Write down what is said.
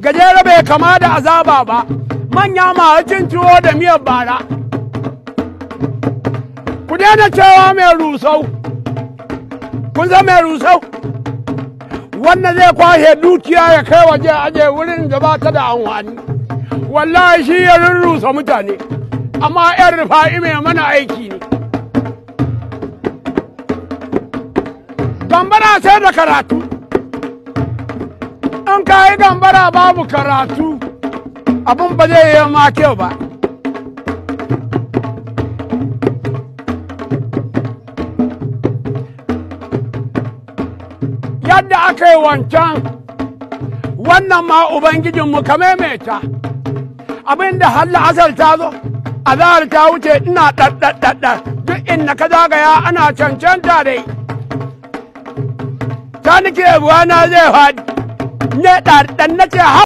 gajere bai kama da azaba ba manya cin tuwo da miyar bara ku daina cewa mai rusau kun zama mai rusau wannan zai kwashe dukiya ya kai waje aje wurin da ba ta da anwani. wallahi shi ya rurrusa mutane amma yan rufa'i mai mana aiki ne gambara sai da karatu in ka yi gambara babu karatu abin ba zai yi ma kyau ba yadda aka yi wancan wannan ma ubangijinmu ka maimaita abin da halla asar ta zo azahar ta wuce ina ɗaɗɗaɗɗa duk inda ka zagaya ana cancanta dai ta nike na zai faɗi ne ɗan nake